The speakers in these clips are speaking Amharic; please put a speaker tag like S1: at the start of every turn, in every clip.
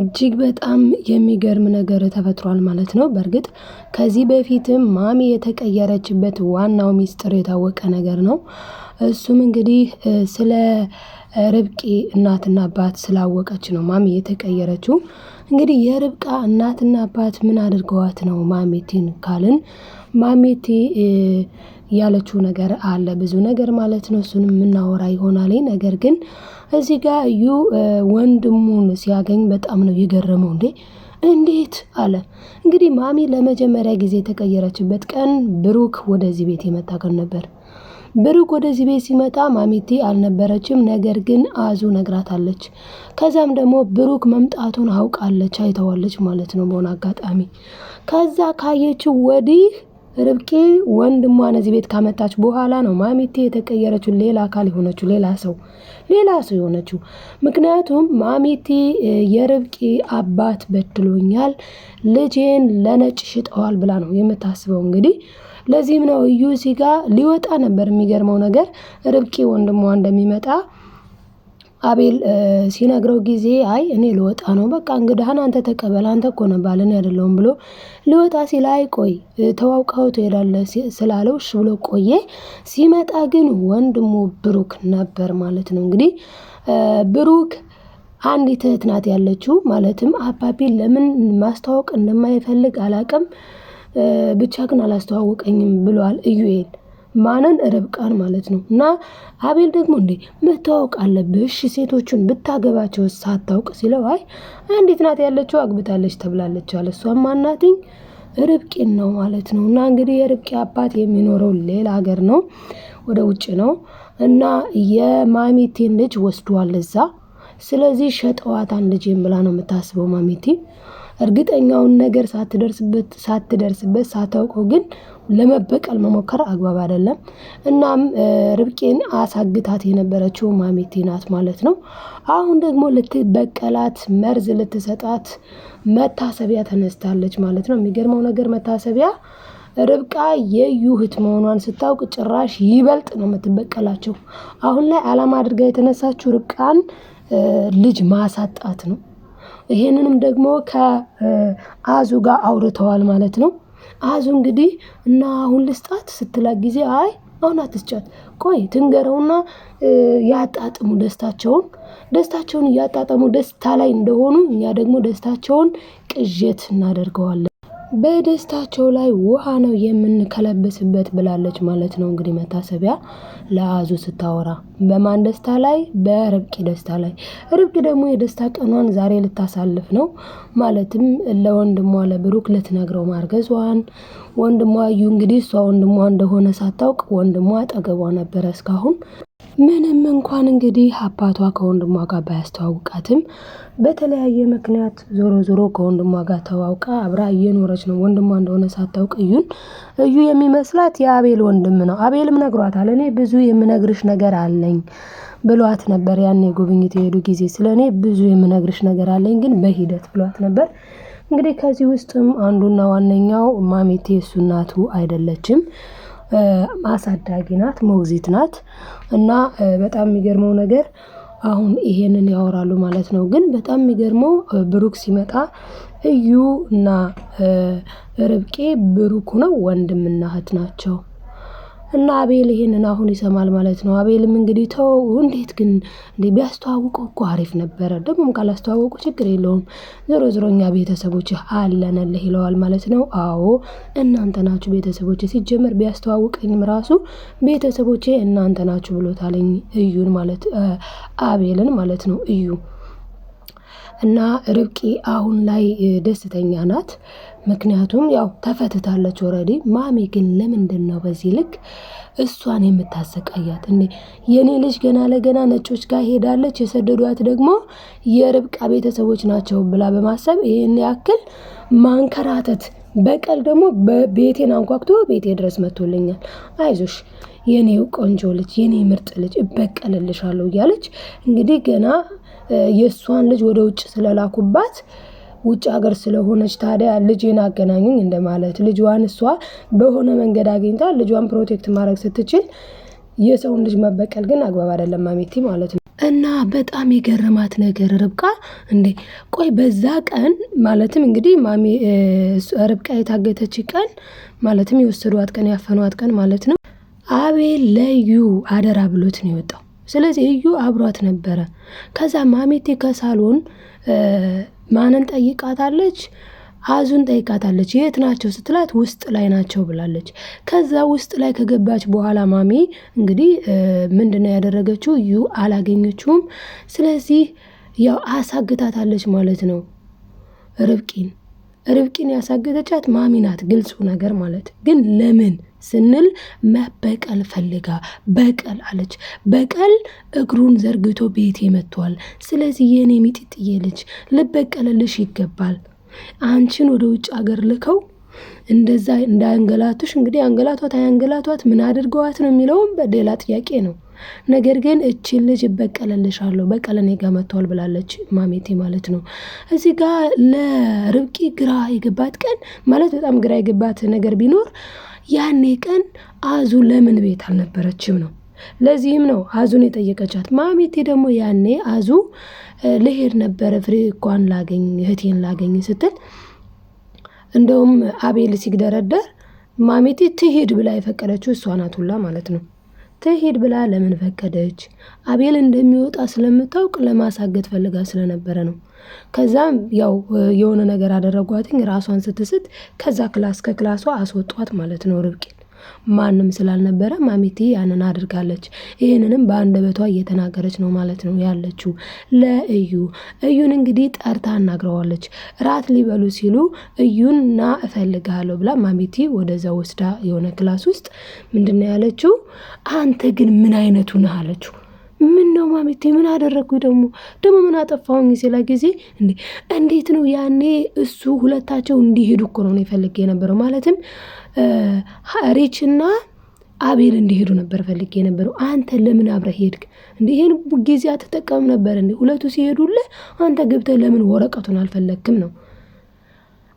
S1: እጅግ በጣም የሚገርም ነገር ተፈጥሯል ማለት ነው። በእርግጥ ከዚህ በፊትም ማሚ የተቀየረችበት ዋናው ሚስጥር የታወቀ ነገር ነው። እሱም እንግዲህ ስለ ርብቃ እናትና አባት ስላወቀች ነው ማሚ የተቀየረችው። እንግዲህ የርብቃ እናትና አባት ምን አድርገዋት ነው ማሜቴን ካልን ማሜቴ ያለችው ነገር አለ። ብዙ ነገር ማለት ነው። እሱን የምናወራ ይሆናል። ነገር ግን እዚህ ጋር እዩ ወንድሙን ሲያገኝ በጣም ነው የገረመው። እንዴ እንዴት አለ። እንግዲህ ማሚ ለመጀመሪያ ጊዜ የተቀየረችበት ቀን ብሩክ ወደዚህ ቤት የመጣ ቀን ነበር። ብሩክ ወደዚህ ቤት ሲመጣ ማሚቲ አልነበረችም። ነገር ግን አዙ ነግራታለች። ከዛም ደግሞ ብሩክ መምጣቱን አውቃለች፣ አይተዋለች ማለት ነው በሆነ አጋጣሚ። ከዛ ካየችው ወዲህ ርብቄ ወንድሟን እዚህ ቤት ካመጣች በኋላ ነው ማሚቴ የተቀየረችው፣ ሌላ አካል የሆነችው፣ ሌላ ሰው ሌላ ሰው የሆነችው። ምክንያቱም ማሚቴ የርብቄ አባት በድሎኛል፣ ልጄን ለነጭ ሽጠዋል ብላ ነው የምታስበው እንግዲህ ለዚህም ነው እዩ ሲጋ ሊወጣ ነበር። የሚገርመው ነገር ርብቄ ወንድሟ እንደሚመጣ አቤል ሲነግረው ጊዜ አይ እኔ ልወጣ ነው፣ በቃ እንግዳህን አንተ ተቀበል፣ አንተ እኮ ነው ባልን ያደለውም ብሎ ልወጣ ሲል አይ ቆይ ተዋውቀኸው ትሄዳለህ ስላለው እሺ ብሎ ቆየ። ሲመጣ ግን ወንድሙ ብሩክ ነበር ማለት ነው። እንግዲህ ብሩክ አንዲት እህት ናት ያለችው። ማለትም አባቢ ለምን ማስተዋወቅ እንደማይፈልግ አላቅም ብቻ ግን አላስተዋወቀኝም ብሏል እዩኤል። ማንን ርብቃን ማለት ነው። እና አቤል ደግሞ እንዴ መተዋወቅ አለብሽ ሴቶቹን ብታገባቸው ሳታውቅ ሲለው አይ አንዲት ናት ያለችው አግብታለች ተብላለች አለ። እሷም ማናትኝ ርብቄን ነው ማለት ነው። እና እንግዲህ የርብቄ አባት የሚኖረው ሌላ ሀገር ነው፣ ወደ ውጭ ነው እና የማሚቴን ልጅ ወስዷል እዛ። ስለዚህ ሸጠዋታን ልጅ ብላ ነው የምታስበው ማሚቴ እርግጠኛውን ነገር ሳትደርስበት ሳትደርስበት ሳታውቀው ግን ለመበቀል መሞከር አግባብ አይደለም። እናም ርብቄን አሳግታት የነበረችው ማሜቴ ናት ማለት ነው። አሁን ደግሞ ልትበቀላት መርዝ ልትሰጣት መታሰቢያ ተነስታለች ማለት ነው። የሚገርመው ነገር መታሰቢያ ርብቃ የዩ እህት መሆኗን ስታውቅ ጭራሽ ይበልጥ ነው የምትበቀላቸው። አሁን ላይ አላማ አድርጋ የተነሳችው ርብቃን ልጅ ማሳጣት ነው። ይሄንንም ደግሞ ከአዙ ጋር አውርተዋል ማለት ነው። አዙ እንግዲህ እና አሁን ልስጣት ስትላት ጊዜ አይ አሁን አትስጫት፣ ቆይ ትንገረውና ያጣጥሙ ደስታቸውን ደስታቸውን እያጣጠሙ ደስታ ላይ እንደሆኑ እኛ ደግሞ ደስታቸውን ቅዠት እናደርገዋለን። በደስታቸው ላይ ውሃ ነው የምንከለብስበት ብላለች ማለት ነው። እንግዲህ መታሰቢያ ለአዙ ስታወራ በማን ደስታ ላይ? በርብቂ ደስታ ላይ። ርብቂ ደግሞ የደስታ ቀኗን ዛሬ ልታሳልፍ ነው። ማለትም ለወንድሟ ለብሩክ ልትነግረው ማርገዟን። ወንድሟ እዩ እንግዲህ እሷ ወንድሟ እንደሆነ ሳታውቅ ወንድሟ አጠገቧ ነበረ እስካሁን ምንም እንኳን እንግዲህ አባቷ ከወንድሟ ጋር ባያስተዋውቃትም በተለያየ ምክንያት ዞሮ ዞሮ ከወንድሟ ጋር ተዋውቃ አብራ እየኖረች ነው። ወንድሟ እንደሆነ ሳታውቅ እዩን እዩ የሚመስላት የአቤል ወንድም ነው። አቤልም ነግሯታል። እኔ ብዙ የምነግርሽ ነገር አለኝ ብሏት ነበር። ያኔ ጉብኝት የሄዱ ጊዜ ስለ እኔ ብዙ የምነግርሽ ነገር አለኝ ግን በሂደት ብሏት ነበር። እንግዲህ ከዚህ ውስጥም አንዱና ዋነኛው ማሜቴ እሱ እናቱ አይደለችም አሳዳጊ ናት፣ ሞግዚት ናት እና በጣም የሚገርመው ነገር አሁን ይሄንን ያወራሉ ማለት ነው። ግን በጣም የሚገርመው ብሩክ ሲመጣ እዩ እና ርብቄ ብሩክ ሆነው ወንድምና እህት ናቸው። እና አቤል ይሄንን አሁን ይሰማል ማለት ነው። አቤልም እንግዲህ ተው እንዴት ግን እንዴ ቢያስተዋውቁ እኮ አሪፍ ነበረ። ደግሞም ካላስተዋወቁ ችግር የለውም ዞሮ ዞሮ እኛ ቤተሰቦች አለነልህ ይለዋል ማለት ነው። አዎ እናንተ ናችሁ ቤተሰቦች። ሲጀመር ቢያስተዋውቀኝም ራሱ ቤተሰቦቼ እናንተ ናችሁ ብሎታለኝ እዩን ማለት አቤልን ማለት ነው። እዩ እና ርብቃ አሁን ላይ ደስተኛ ናት። ምክንያቱም ያው ተፈትታለች ኦልሬዲ። ማሚ ግን ለምንድን ነው በዚህ ልክ እሷን የምታሰቃያት? እኔ የእኔ ልጅ ገና ለገና ነጮች ጋር ሄዳለች፣ የሰደዷት ደግሞ የርብቃ ቤተሰቦች ናቸው ብላ በማሰብ ይህን ያክል ማንከራተት በቀል ደግሞ ቤቴን አንኳኩቶ ቤቴ ድረስ መቶልኛል አይዞሽ የኔው ቆንጆ ልጅ የኔ ምርጥ ልጅ እበቀልልሻለሁ እያለች እንግዲህ ገና የእሷን ልጅ ወደ ውጭ ስለላኩባት ውጭ ሀገር ስለሆነች ታዲያ ልጅን አገናኙኝ እንደማለት ልጇን እሷ በሆነ መንገድ አግኝታ ልጇን ፕሮቴክት ማድረግ ስትችል የሰውን ልጅ መበቀል ግን አግባብ አይደለም ማሜቲ ማለት ነው። እና በጣም የገረማት ነገር ርብቃ እንዴ ቆይ በዛ ቀን ማለትም እንግዲህ ማሜ ርብቃ የታገተች ቀን ማለትም የወሰዷት ቀን ያፈኗት ቀን ማለት ነው አቤል ለዩ አደራ ብሎት ነው የወጣው። ስለዚህ እዩ አብሯት ነበረ። ከዛ ማሜቴ ከሳሎን ማንን ጠይቃታለች? አዙን ጠይቃታለች። የት ናቸው ስትላት ውስጥ ላይ ናቸው ብላለች። ከዛ ውስጥ ላይ ከገባች በኋላ ማሜ እንግዲህ ምንድነው ያደረገችው? እዩ አላገኘችውም። ስለዚህ ያው አሳግታታለች ማለት ነው ርብቂን ርብቂን ያሳገተቻት ማሚ ናት። ግልጹ ነገር ማለት ግን ለምን ስንል መበቀል ፈልጋ በቀል አለች። በቀል እግሩን ዘርግቶ ቤቴ መጥቷል። ስለዚህ የኔ ሚጢጥዬ ልጅ ልበቀልልሽ ይገባል። አንቺን ወደ ውጭ አገር ልከው እንደዛ እንዳያንገላቱሽ እንግዲህ አንገላቷት አያንገላቷት ምን አድርገዋት ነው የሚለውም በሌላ ጥያቄ ነው። ነገር ግን እችን ልጅ እበቀለልሻለሁ በቀል እኔ ጋር ብላለች ማሜቴ ማለት ነው። እዚህ ጋር ለርብቂ ግራ የገባት ቀን ማለት በጣም ግራ የገባት ነገር ቢኖር ያኔ ቀን አዙ ለምን ቤት አልነበረችም ነው። ለዚህም ነው አዙን የጠየቀቻት። ማሚቴ ደግሞ ያኔ አዙ ልሄድ ነበረ ፍሬ እኳን ላገኝ እህቴን ላገኝ ስትል እንደውም አቤል ሲግደረደር ማሚቴ ትሄድ ብላ የፈቀደችው እሷ ናት ሁላ ማለት ነው። ትሄድ ብላ ለምን ፈቀደች? አቤል እንደሚወጣ ስለምታውቅ ለማሳገት ፈልጋ ስለነበረ ነው። ከዛም ያው የሆነ ነገር አደረጓትኝ ራሷን ስትስት ከዛ ክላስ ከክላሷ አስወጧት ማለት ነው ርብቄ ማንም ስላልነበረ ማሚቲ ያንን አድርጋለች። ይህንንም በአንደበቷ እየተናገረች ነው ማለት ነው ያለችው ለእዩ። እዩን እንግዲህ ጠርታ አናግረዋለች። ራት ሊበሉ ሲሉ እዩን ና እፈልግሃለሁ ብላ ማሚቲ ወደዛ ወስዳ የሆነ ክላስ ውስጥ ምንድን ነው ያለችው? አንተ ግን ምን አይነቱ ነህ አለችው። ምን ነው ማሚቴ፣ ምን አደረግኩኝ? ደግሞ ደግሞ ምን አጠፋሁኝ? ሲላ ጊዜ እንዴት ነው ያኔ እሱ ሁለታቸው እንዲሄዱ እኮ ነው የፈልጌ የነበረው። ማለትም ሪችና አቤል እንዲሄዱ ነበር ፈልጌ የነበረው። አንተ ለምን አብረህ ሄድክ? እንደ ይህን ጊዜ አትጠቀምም ነበር እንዴ? ሁለቱ ሲሄዱልህ አንተ ገብተህ ለምን ወረቀቱን አልፈለግክም ነው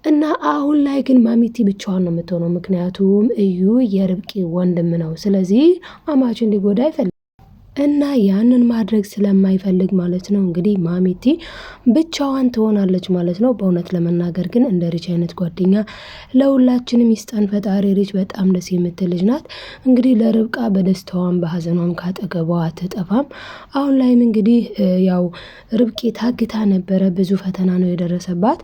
S1: እና አሁን ላይ ግን ማሚቲ ብቻዋን ነው የምትሆነው። ምክንያቱም እዩ የርብቂ ወንድም ነው። ስለዚህ አማች እንዲጎዳ አይፈልግም። እና ያንን ማድረግ ስለማይፈልግ ማለት ነው እንግዲህ ማሚቲ ብቻዋን ትሆናለች ማለት ነው። በእውነት ለመናገር ግን እንደ ሪች አይነት ጓደኛ ለሁላችንም ይስጠን ፈጣሪ። ሪች በጣም ደስ የምትል ልጅ ናት። እንግዲህ ለርብቃ በደስታዋም በሀዘኗም ካጠገቧ አትጠፋም። አሁን ላይም እንግዲህ ያው ርብቄ ታግታ ነበረ፣ ብዙ ፈተና ነው የደረሰባት።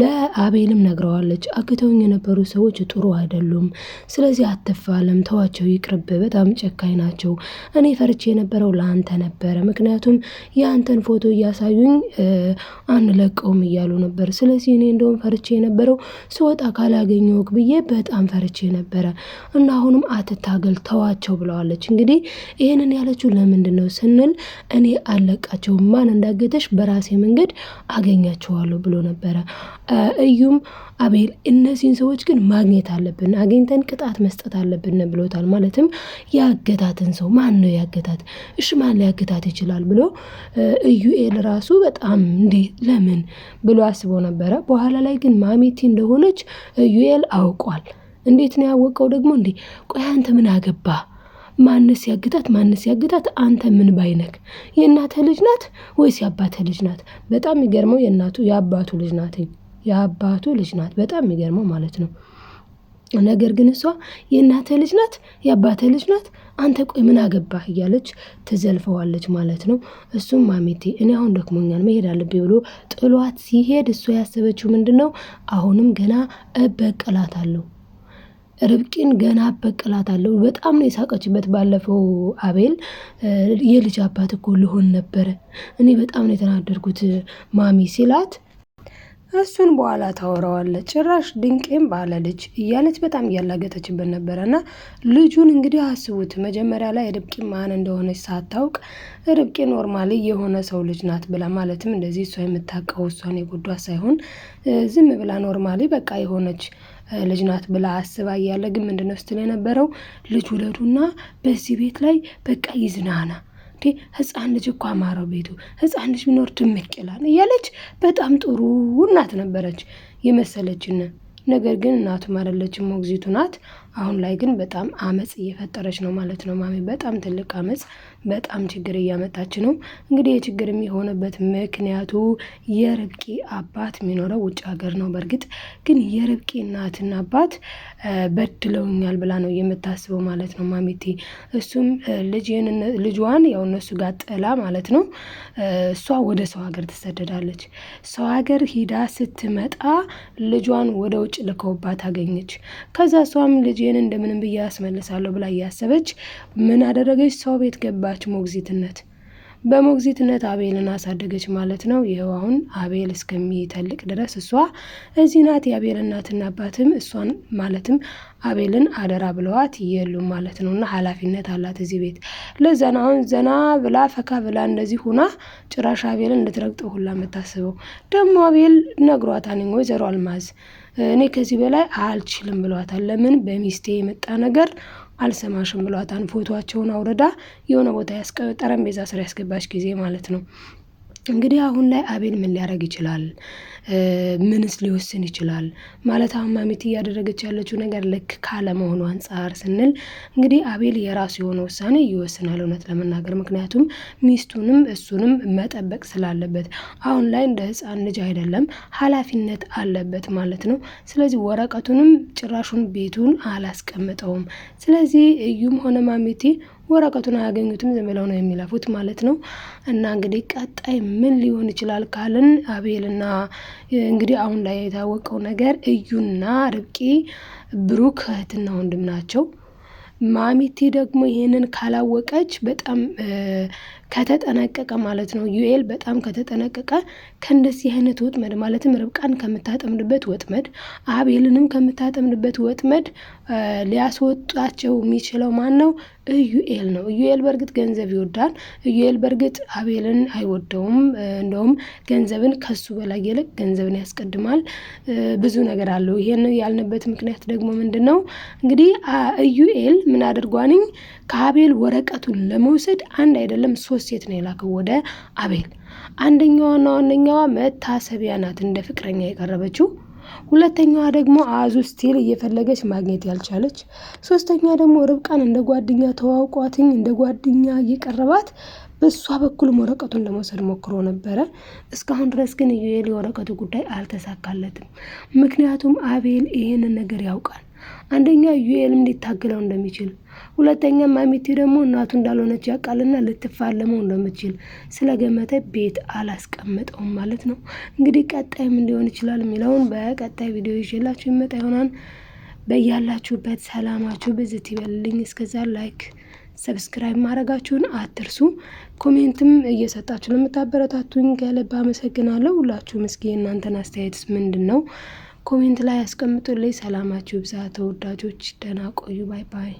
S1: ለአቤልም ነግረዋለች፣ አግተውኝ የነበሩ ሰዎች ጥሩ አይደሉም፣ ስለዚህ አትፋለም፣ ተዋቸው፣ ይቅርብ፣ በጣም ጨካኝ ናቸው። እኔ ፈርቼ የነበረው ለአንተ ነበረ። ምክንያቱም የአንተን ፎቶ እያሳዩኝ አንለቀውም እያሉ ነበር። ስለዚህ እኔ እንደውም ፈርቼ የነበረው ስወጣ ካላገኘውክ ብዬ በጣም ፈርቼ ነበረ እና አሁንም አትታገል ተዋቸው ብለዋለች። እንግዲህ ይህንን ያለችው ለምንድን ነው ስንል እኔ አለቃቸው ማን እንዳገተሽ በራሴ መንገድ አገኛቸዋለሁ ብሎ ነበረ። እዩም አቤል እነዚህን ሰዎች ግን ማግኘት አለብን፣ አግኝተን ቅጣት መስጠት አለብን ብሎታል። ማለትም ያገታትን ሰው ማን ነው ያገታት? እሺ ማን ሊያግታት ይችላል ብሎ እዩኤል ራሱ በጣም እንዴ ለምን ብሎ አስቦ ነበረ። በኋላ ላይ ግን ማሜቲ እንደሆነች እዩኤል አውቋል። እንዴት ነው ያወቀው ደግሞ? እንዴ ቆይ አንተ ምን አገባ? ማንስ ያግታት ማንስ ያግታት፣ አንተ ምን ባይነክ? የእናተ ልጅ ናት ወይስ የአባተ ልጅ ናት? በጣም የሚገርመው የእናቱ የአባቱ ልጅ ናት የአባቱ ልጅ ናት። በጣም የሚገርመው ማለት ነው። ነገር ግን እሷ የእናተ ልጅ ናት፣ የአባተ ልጅ ናት፣ አንተ ቆይ ምን አገባህ እያለች ትዘልፈዋለች ማለት ነው። እሱም ማሜቴ እኔ አሁን ደክሞኛል መሄድ አለብኝ ብሎ ጥሏት ሲሄድ እሷ ያሰበችው ምንድን ነው? አሁንም ገና እበቀላታለሁ፣ ርብቂን ገና አለው። በጣም ነው የሳቀችበት። ባለፈው አቤል የልጅ አባት እኮ ልሆን ነበረ እኔ በጣም ነው የተናደድኩት ማሚ ሲላት እሱን በኋላ ታወራዋለች። ጭራሽ ድንቄም ባለ ልጅ እያለች በጣም እያላገጠችበት ነበረ እና ልጁን እንግዲህ አስቡት መጀመሪያ ላይ ርብቂ ማን እንደሆነች ሳታውቅ ርብቂ ኖርማሊ የሆነ ሰው ልጅ ናት ብላ ማለትም እንደዚህ እሷ የምታውቀው እሷን የጎዷ ሳይሆን ዝም ብላ ኖርማሊ በቃ የሆነች ልጅ ናት ብላ አስባ እያለ ግን ምንድነው ስትል የነበረው ልጅ ውለዱና በዚህ ቤት ላይ በቃ ይዝናና እንዴ ህፃን ልጅ እኮ አማረው ቤቱ፣ ህፃን ልጅ ቢኖር ድምቅ ይላል እያለች በጣም ጥሩ እናት ነበረች የመሰለችን። ነገር ግን እናቱም አይደለችም፣ ሞግዚቱ ናት። አሁን ላይ ግን በጣም አመፅ እየፈጠረች ነው ማለት ነው። ማሚ በጣም ትልቅ አመፅ፣ በጣም ችግር እያመጣች ነው። እንግዲህ የችግር የሚሆንበት ምክንያቱ የርብቂ አባት የሚኖረው ውጭ ሀገር ነው። በእርግጥ ግን የርብቂ እናትና አባት በድለውኛል ብላ ነው የምታስበው ማለት ነው ማሚቴ። እሱም ልጇን ያው እነሱ ጋር ጥላ ማለት ነው እሷ ወደ ሰው ሀገር ትሰደዳለች። ሰው ሀገር ሂዳ ስትመጣ ልጇን ወደ ውጭ ልከውባት አገኘች። ከዛ እሷም ልጅ ልጄን እንደምንም ብዬ አስመልሳለሁ ብላ እያሰበች ምን አደረገች? ሰው ቤት ገባች። ሞግዚትነት በሞግዚትነት አቤልን አሳደገች ማለት ነው። ይኸው አሁን አቤል እስከሚተልቅ ድረስ እሷ እዚህ ናት። የአቤል እናትና አባትም እሷን ማለትም አቤልን አደራ ብለዋት የሉም ማለት ነው። እና ኃላፊነት አላት እዚህ ቤት። ለዘና አሁን ዘና ብላ ፈካ ብላ እንደዚህ ሁና ጭራሽ አቤልን እንድትረግጠው ሁላ የምታስበው። ደግሞ አቤል ነግሯታን ወይዘሮ አልማዝ እኔ ከዚህ በላይ አልችልም ብሏታል። ለምን በሚስቴ የመጣ ነገር አልሰማሽም ብሏታል። ፎቶቸውን አውረዳ የሆነ ቦታ ጠረጴዛ ስራ ያስገባች ጊዜ ማለት ነው። እንግዲህ አሁን ላይ አቤል ምን ሊያደርግ ይችላል? ምንስ ሊወስን ይችላል ማለት አሁን ማሚት እያደረገች ያለችው ነገር ልክ ካለመሆኑ አንጻር ስንል እንግዲህ አቤል የራሱ የሆነ ውሳኔ ይወስናል፣ እውነት ለመናገር ምክንያቱም ሚስቱንም እሱንም መጠበቅ ስላለበት አሁን ላይ እንደ ህፃን ልጅ አይደለም፣ ኃላፊነት አለበት ማለት ነው። ስለዚህ ወረቀቱንም ጭራሹን ቤቱን አላስቀምጠውም። ስለዚህ እዩም ሆነ ማሚቲ ወረቀቱን አያገኙትም። ዝም ብለው ነው የሚለፉት ማለት ነው። እና እንግዲህ ቀጣይ ምን ሊሆን ይችላል ካልን አቤልና እንግዲህ አሁን ላይ የታወቀው ነገር እዩና ርብቃ ብሩክ እህትና ወንድም ናቸው። ማሚቴ ደግሞ ይህንን ካላወቀች በጣም ከተጠነቀቀ ማለት ነው። ዩኤል በጣም ከተጠነቀቀ ከእንደዚህ አይነት ወጥመድ ማለትም ርብቃን ከምታጠምድበት ወጥመድ፣ አቤልንም ከምታጠምድበት ወጥመድ ሊያስወጣቸው የሚችለው ማን ነው? እዩኤል ነው። እዩኤል በእርግጥ ገንዘብ ይወዳል። እዩኤል በእርግጥ አቤልን አይወደውም። እንደውም ገንዘብን ከሱ በላይ ይልቅ ገንዘብን ያስቀድማል። ብዙ ነገር አለው። ይሄን ያልንበት ምክንያት ደግሞ ምንድን ነው? እንግዲህ እዩኤል ምን አድርጓንኝ ከአቤል ወረቀቱን ለመውሰድ አንድ አይደለም ሶስት ሴት ነው የላከው ወደ አቤል። አንደኛዋና ዋነኛዋ መታሰቢያ ናት እንደ ፍቅረኛ የቀረበችው። ሁለተኛዋ ደግሞ አዙ ስቲል እየፈለገች ማግኘት ያልቻለች። ሶስተኛ ደግሞ ርብቃን እንደ ጓደኛ ተዋውቋትኝ እንደ ጓደኛ እየቀረባት በእሷ በኩልም ወረቀቱን ለመውሰድ ሞክሮ ነበረ። እስካሁን ድረስ ግን የወረቀቱ ጉዳይ አልተሳካለትም። ምክንያቱም አቤል ይህንን ነገር ያውቃል። አንደኛ ዩኤልም ሊታገለው እንደሚችል፣ ሁለተኛ ማሚቲ ደግሞ እናቱ እንዳልሆነች ያውቃልና ልትፋለመው እንደምትችል ስለገመተ ቤት አላስቀመጠውም ማለት ነው። እንግዲህ ቀጣይም እንዲሆን ይችላል የሚለውን በቀጣይ ቪዲዮ ይዤላችሁ ይመጣ ይሆናል። በያላችሁበት ሰላማችሁ ብዝት ይበልልኝ። እስከዛ ላይክ ሰብስክራይብ ማድረጋችሁን አትርሱ። ኮሜንትም እየሰጣችሁ ለምታበረታቱኝ ከልብ አመሰግናለሁ። ሁላችሁም እስኪ እናንተን አስተያየትስ ምንድን ነው? ኮሜንት ላይ አስቀምጡልኝ። ሰላማችሁ ይብዛ ተወዳጆች፣ ደህና ቆዩ። ባይ ባይ።